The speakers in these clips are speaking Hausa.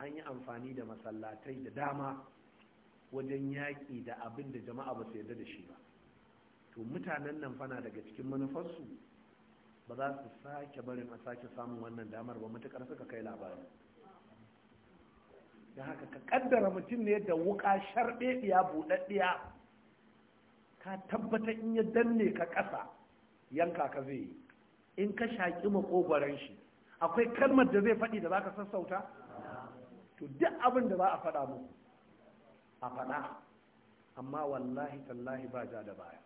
an yi amfani da masallatai da dama wajen yaƙi da abin da jama'a ba su yarda da shi ba to mutanen nan fana daga cikin manufarsu ba za su sake barin a sake samun wannan damar ba matuƙar suka kai labari da haka ka kaddara mutum ne da wuka sharɗeɗiya buɗaɗɗiya ka tabbata in ya danne ka ƙasa yanka ka zai yi in ka shaƙi makogoron shi akwai kalmar da zai faɗi da za ka sassauta to duk abin da za a faɗa muku a faɗa amma wallahi tallahi ba ja da baya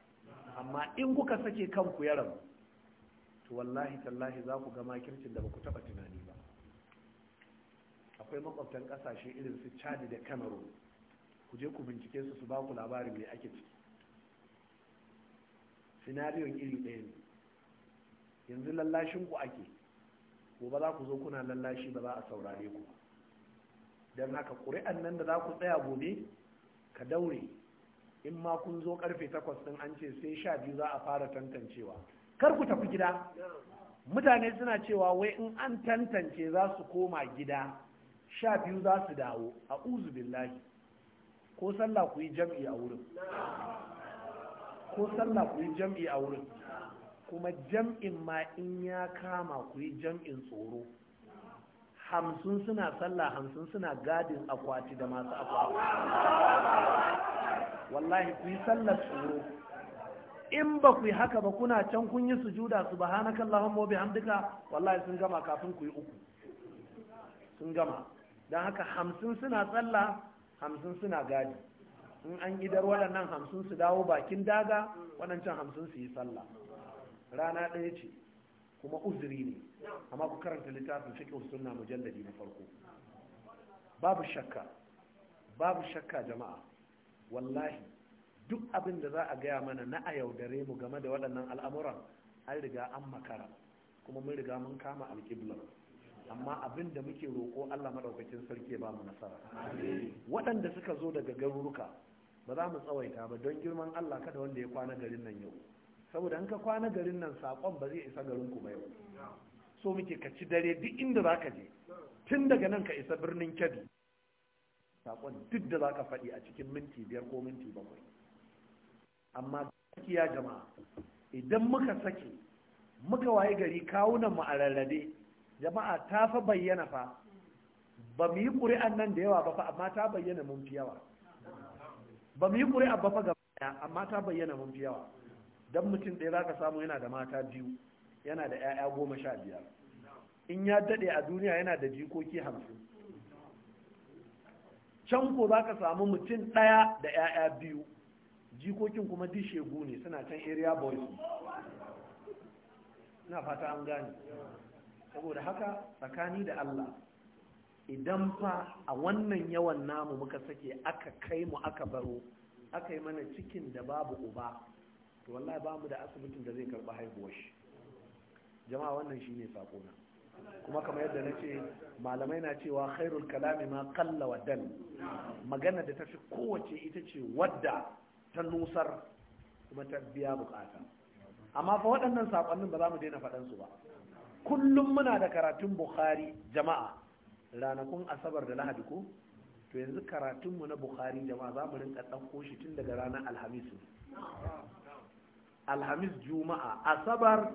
amma in kuka sake kanku ya rabu to wallahi tallahi za ku ga makircin da ba ku taɓa tunani ba akwai makwabtan ƙasashe irin su chadi da cameroon ku je ku bincike su su ba ku labarin mai ake ciki sinariyon iri ɗaya ne yanzu lallashin ku ake gobe za ku zo kuna lallashi ba za a saurare ku ba don haka ƙuri'an nan da za ku tsaya gobe ka daure in ma kun zo karfe takwas ɗin an ce sai sha biyu za a fara tantancewa kar ku tafi gida mutane suna cewa wai in an tantance za su koma gida sha biyu za su dawo a uzu billahi ko sallah ku yi jam'i a wurin ko sallah ku yi jam'i a wurin kuma jam'in ma in ya kama ku yi jam'in tsoro hamsin suna sallah hamsin suna gadin akwati da masu akwati wallahi ku yi sallar tsoro in ba ku yi haka ba kuna can kun yi sujuda subhanaka allahumma wa bihamdika wallahi sun gama kafin ku yi uku sun gama don haka hamsin suna sallah hamsin suna gadi in an idar waɗannan hamsin su dawo bakin daga waɗancan hamsin su yi sallah rana ɗaya ce kuma uzuri ne amma ku karanta littafin fiqh sunna mujalladi na farko babu shakka babu shakka jama'a wallahi duk abin da za a gaya mana na a yaudare mu game da waɗannan al'amuran an riga an makara kuma mun riga mun kama alƙiblar amma abin da muke roƙo Allah maɗaukakin sarki ba mu nasara waɗanda suka zo daga garuruka ba za mu tsawaita ba don girman Allah kada wanda ya kwana garin nan yau saboda in ka kwana garin nan sakon ba zai isa garin ku ba yau so muke ka ci dare duk inda za ka je tun daga nan ka isa birnin kebbi sakon duk da za ka faɗi a cikin minti biyar ko minti bakwai amma gaskiya jama'a idan muka sake muka waye gari kawunan mu a rarrabe jama'a ta fa bayyana fa ba mu yi ƙuri'an nan da yawa ba fa amma ta bayyana mun fi yawa ba mu yi ƙuri'a ba fa gaba amma ta bayyana mun fi yawa dan mutum ɗaya za ka samu yana da mata biyu yana da 'ya'ya goma sha biyar in ya daɗe a duniya yana da jikoki hamsin can ko za ka samu mutum ɗaya da 'ya'ya biyu jikokin kuma duk shegu ne suna can area boys na fata an gane saboda haka tsakani da Allah idan fa a wannan yawan namu muka sake aka kai mu aka baro aka yi mana cikin da babu uba to wallahi ba mu da asibitin da zai karba haihuwar shi jama'a wannan shine sako na kuma kamar yadda na ce malamai na cewa khairul kalami ma kalla wa dal magana da tafi kowace ita ce wadda ta nusar kuma ta biya bukata amma fa waɗannan sakonnin ba za mu daina su ba kullum muna da karatun bukhari jama'a ranakun asabar da lahadi ko to yanzu karatunmu na bukhari jama'a za mu rinka ɗauko shi tun daga ranar alhamis alhamis juma'a asabar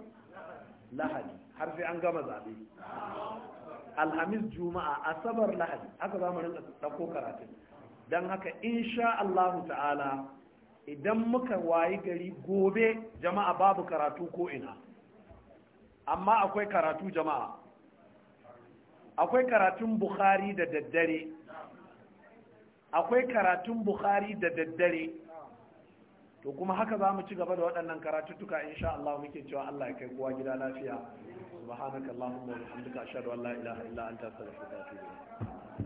lahadi har sai an gama zaɓe alhamis juma'a asabar lahadi haka za mu rinka ɗauko karatun don haka insha Allahu ta'ala idan muka wayi gari gobe jama'a babu karatu ko ina amma akwai karatu jama'a akwai karatun bukhari da daddare akwai karatun bukhari da daddare to kuma haka za mu ci gaba da waɗannan karatuttuka sha Allah muke cewa Allah ya kai kowa gida lafiya subhanakallahumma wa bihamdika ashhadu an la ilaha illa anta astaghfiruka wa atubu ilayk